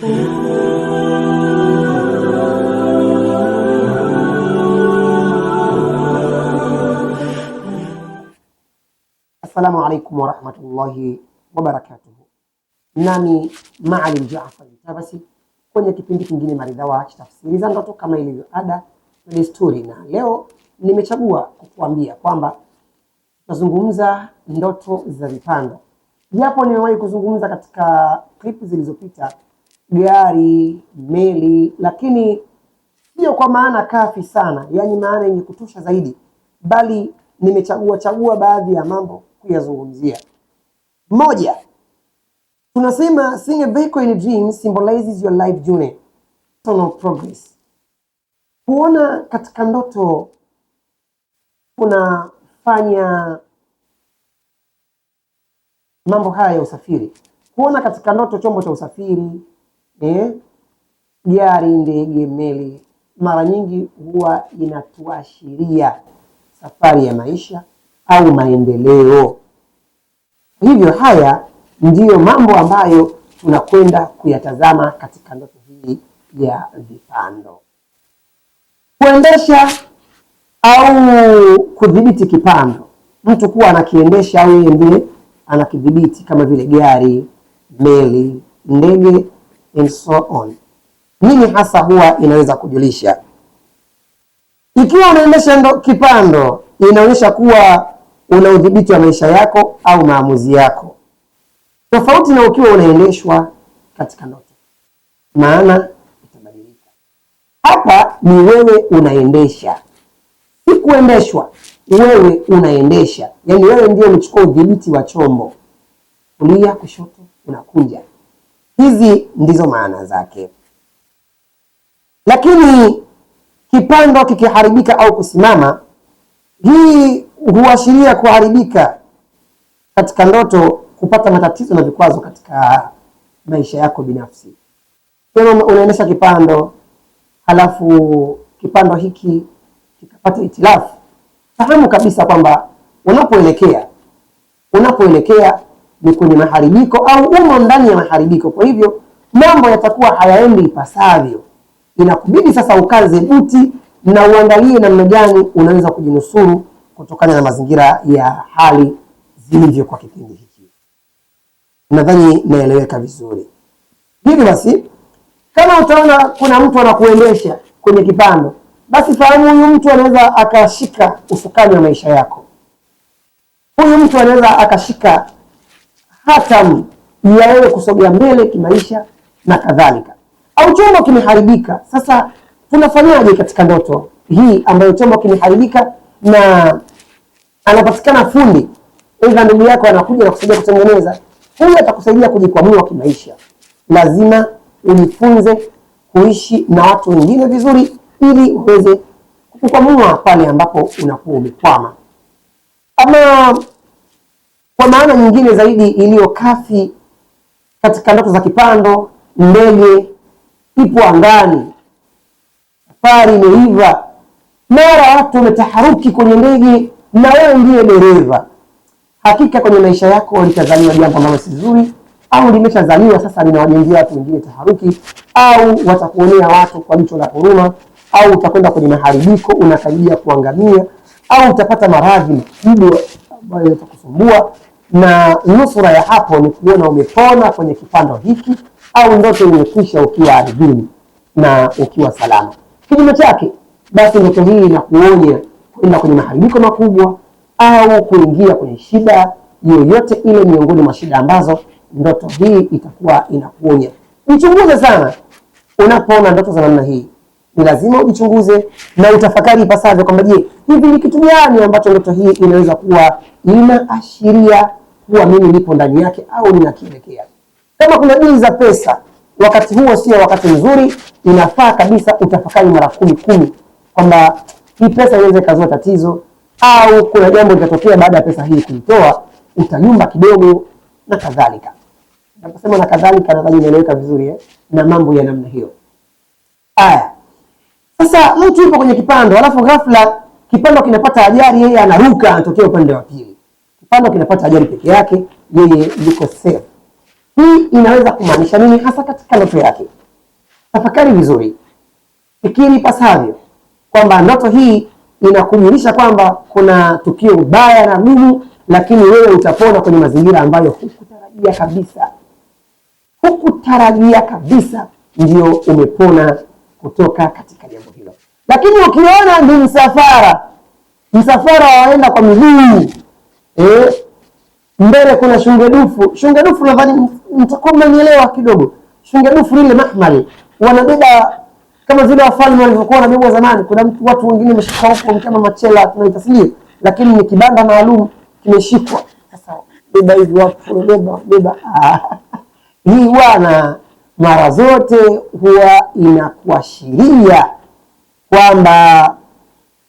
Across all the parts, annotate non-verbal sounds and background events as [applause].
Assalamu alaikum warahmatullahi wabarakatuh. Nami Maalim Jaafar Mtavassy kwenye kipindi kingine maridhawa cha tafsiri za ndoto kama ilivyo ada na desturi, na leo nimechagua kukuambia kwamba tutazungumza ndoto za vipando, japo nimewahi kuzungumza katika klipu zilizopita gari, meli, lakini sio kwa maana kafi sana, yaani maana yenye kutosha zaidi, bali nimechagua chagua baadhi ya mambo kuyazungumzia. Moja, tunasema seeing a vehicle in dream symbolizes your life journey, personal progress. Kuona katika ndoto kunafanya mambo haya ya usafiri. Kuona katika ndoto chombo cha usafiri, eh, gari ndege meli mara nyingi huwa inatuashiria safari ya maisha au maendeleo. Hivyo haya ndiyo mambo ambayo tunakwenda kuyatazama katika ndoto hii ya vipando. Kuendesha au kudhibiti kipando, mtu kuwa anakiendesha au yeye ndiye anakidhibiti, kama vile gari, meli, ndege and so on. Nini hasa huwa inaweza kujulisha? Ikiwa unaendesha kipando, inaonyesha kuwa una udhibiti wa maisha yako au maamuzi yako, tofauti na ukiwa unaendeshwa katika ndoto, maana itabadilika. Hapa ni wewe unaendesha, si kuendeshwa. Wewe unaendesha, yaani wewe ndio unachukua udhibiti wa chombo, kulia kushoto, unakunja Hizi ndizo maana zake. Lakini kipando kikiharibika au kusimama, hii huashiria kuharibika katika ndoto, kupata matatizo na vikwazo katika maisha yako binafsi. Kama unaendesha kipando halafu kipando hiki kikapata itilafu, fahamu kabisa kwamba unapoelekea unapoelekea ni kwenye maharibiko au umo ndani ya maharibiko. Kwa hivyo mambo yatakuwa hayaendi ipasavyo, inakubidi sasa ukaze buti na uangalie namna gani unaweza kujinusuru kutokana na mazingira ya hali zilivyo kwa kipindi hiki. Nadhani naeleweka vizuri. Hivi basi, kama utaona kuna mtu anakuendesha kwenye kipando, basi fahamu huyu mtu anaweza akashika usukani wa maisha yako. Huyu mtu anaweza akashika hatamu yawewe kusogea mbele kimaisha na kadhalika, au chombo kimeharibika. Sasa tunafanyaje katika ndoto hii ambayo chombo kimeharibika na anapatikana fundi, aidha ndugu yako anakuja na kusaidia kutengeneza. Huyu atakusaidia kujikwamua kimaisha. Lazima ujifunze kuishi na watu wengine vizuri, ili uweze kukwamua pale ambapo unakuwa umekwama. Ama kwa maana nyingine zaidi iliyo kafi katika ndoto za kipando, ndege ipo angani, safari imeiva, mara watu wametaharuki kwenye ndege, na wewe ndiye dereva. Hakika kwenye maisha yako litazaliwa jambo ambalo si zuri, au limeshazaliwa sasa, linawajengia watu wengine taharuki, au watakuonea watu kwa jicho la huruma, au utakwenda kwenye maharibiko, unakaribia kuangamia, au utapata maradhi makubwa ambayo yatakusumbua na nusura ya hapo ni kuona umepona kwenye kipando hiki au ndoto imekwisha ukiwa ardhini na ukiwa salama. Kinyume chake, basi ndoto hii inakuonya kwenda kwenye maharibiko makubwa au kuingia kwenye shida yoyote ile miongoni mwa shida ambazo ndoto hii itakuwa inakuonya. Mchunguze sana unapoona ndoto za namna hii, ni lazima ujichunguze na utafakari ipasavyo kwamba je, hivi ni kitu gani ambacho ndoto hii inaweza kuwa inaashiria kuwa mimi nipo ndani yake au ninakielekea. Kama kuna dili za pesa, wakati huo sio wakati mzuri, inafaa kabisa utafakari mara kumi kumi kwamba hii pesa inaweza ikazua tatizo, au kuna jambo litatokea baada ya pesa hii kuitoa, utayumba kidogo na kadhalika. Naposema na kadhalika, nadhani inaeleweka vizuri eh? na mambo ya namna hiyo. Haya, sasa mtu yupo kwenye kipando, alafu ghafla kipando kinapata ajali, yeye anaruka, anatokea upande wa pili Kipando kinapata ajali peke yake, yeye yuko safe. Hii inaweza kumaanisha nini hasa katika ndoto yake? Tafakari vizuri, fikiri pasavyo kwamba ndoto hii inakumulisha kwamba kuna tukio baya na gumu, lakini wewe utapona kwenye mazingira ambayo hukutarajia kabisa, hukutarajia kabisa, ndio umepona kutoka katika jambo hilo. Lakini ukiona ni msafara, msafara waenda kwa miguu mbele kuna shungedufu. Shungedufu nadhani mtakuwa mmenielewa kidogo. Shungedufu lile mahmal wanabeba kama vile wafalme walivyokuwa wanabeba zamani. Kuna watu wengine wameshika huko kama machela tunaitasnia, lakini ni kibanda maalum kimeshikwa. Sasa beba hivi watu beba beba [laughs] hii bwana, mara zote huwa inakuashiria kwamba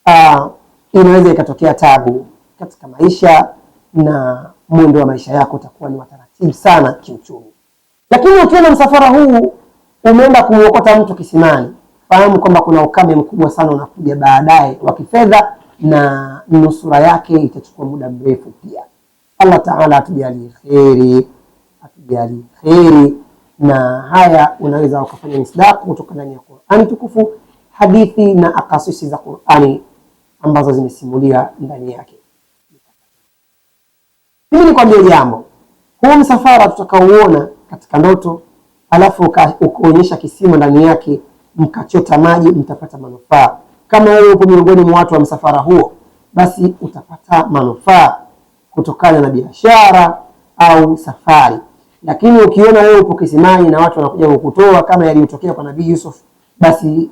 ah, inaweza ikatokea tabu katika maisha na mwendo wa maisha yako utakuwa ni wataratibu sana kiuchumi. Lakini ukiona msafara huu umeenda kumwokota mtu kisimani, fahamu kwamba kuna ukame mkubwa sana unakuja baadaye wa kifedha, na nusura yake itachukua muda mrefu pia. Allah Taala atujalie kheri, atujalie kheri. Na haya unaweza ukafanya misdaku kutoka ndani ya Qurani tukufu, hadithi na akasisi za Qurani ambazo zimesimulia ndani yake. Mimi nikwambie jambo, huu msafara tutakaouona katika ndoto alafu ukaonyesha kisima ndani yake mkachota maji, mtapata manufaa. Kama wewe upo miongoni mwa watu wa msafara huo, basi utapata manufaa kutokana na biashara au safari. Lakini ukiona wewe upo kisimani na watu wanakuja kukutoa kama yaliyotokea kwa Nabii Yusuf, basi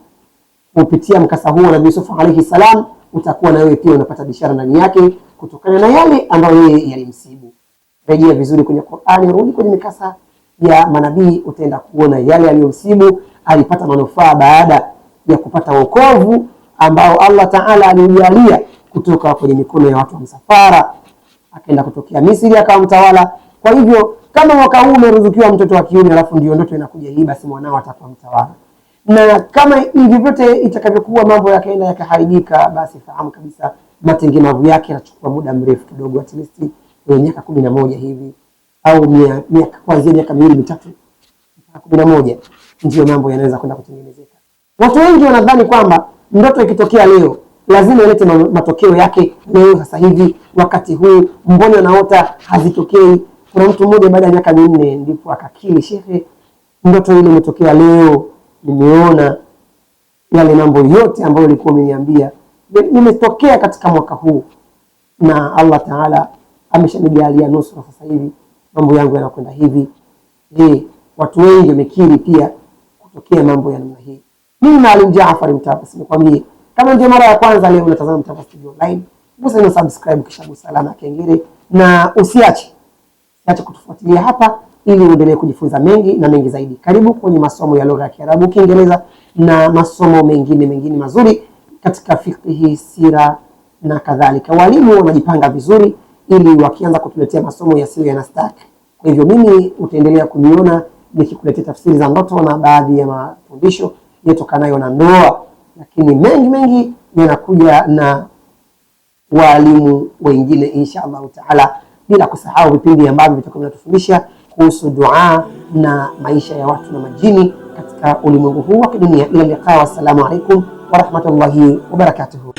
kupitia mkasa huo Nabii Yusuf alayhi salam, utakuwa na wewe pia unapata biashara ndani yake kutokana na yale ambayo yeye yalimsibu. Rejea vizuri kwenye Qur'ani, rudi kwenye mikasa ya manabii, utaenda kuona yale aliyomsibu alipata manufaa baada ya kupata wokovu ambao Allah Ta'ala alimjalia kutoka kwenye mikono ya watu wa msafara, akaenda kutokea Misri akawa mtawala. Kwa hivyo kama mwaka huu umeruzukiwa mtoto wa kiume, alafu ndio ndoto inakuja hii, basi mwanao atakuwa mtawala. Na kama hivi vyote itakavyokuwa mambo yakaenda yakaharibika, basi fahamu kabisa matengenavu yake yanachukua muda mrefu kidogo, at least kwenye miaka kumi na moja hivi au kuanzia miaka miwili mitatu mpaka kumi na moja mambo yanaweza kwenda kutengenezeka. Watu wengi wanadhani kwamba ndoto ikitokea leo lazima ilete matokeo yake leo, sasa hivi, wakati huu, mbona anaota hazitokei? Kuna mtu mmoja baada ya miaka minne ndipo akakili, shehe, ndoto ile imetokea leo, nimeona yale mambo yote ambayo ilikuwa umeniambia limetokea katika mwaka huu na Allah Taala ameshanijalia nusra. Sasa hivi mambo yangu yanakwenda hivi. Je, watu wengi wamekiri pia kutokea mambo ya namna hii. Mimi Maalim Jaafar Mtavassy nikwambie, kama ndio mara ya kwanza leo unatazama Mtavassy TV online, gusa na subscribe, kisha gusa alama ya kengele na usiache acha kutufuatilia hapa ili uendelee kujifunza mengi na mengi zaidi. Karibu kwenye masomo ya lugha ya Kiarabu, Kiingereza na masomo mengine mengine mazuri katika fiqhi, sira na kadhalika. Walimu wanajipanga vizuri ili wakianza kutuletea masomo yasiyo yanastaki. Kwa hivyo mimi utaendelea kuniona nikikuletea tafsiri za ndoto na baadhi ya mafundisho yatokanayo na ndoa, lakini mengi mengi yanakuja na waalimu wengine insha allahu taala, bila kusahau vipindi ambavyo vitakuwa vinatufundisha kuhusu dua na maisha ya watu na majini katika ulimwengu huu wa kidunia. Ila liqaa, wassalamu alaikum warahmatullahi wabarakatuh.